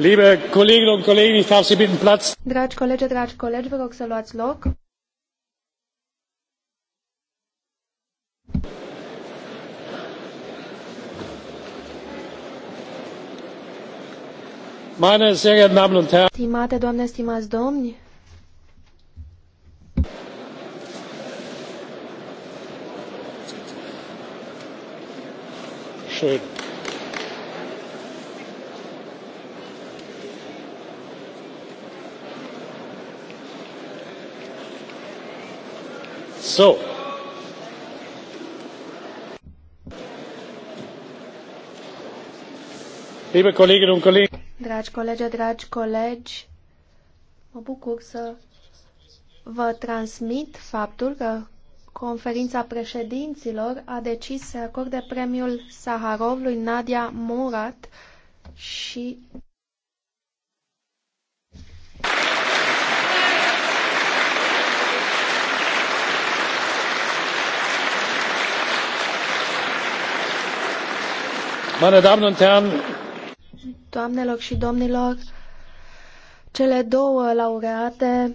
Liebe Kolleginnen und Kollegen, ich darf Sie bitten Platz. Dragi colegi, dragi colegi, vă rog să luați loc. Meine sehr geehrten Damen und Herren. Stimate doamne, stimați domni. Schön. So. Liebe Kolleginnen und Kollegen. Dragi colegi, dragi colegi, mă bucur să vă transmit faptul că conferința președinților a decis să acorde premiul Saharov lui Nadia Murat și Doamnelor și domnilor, cele două laureate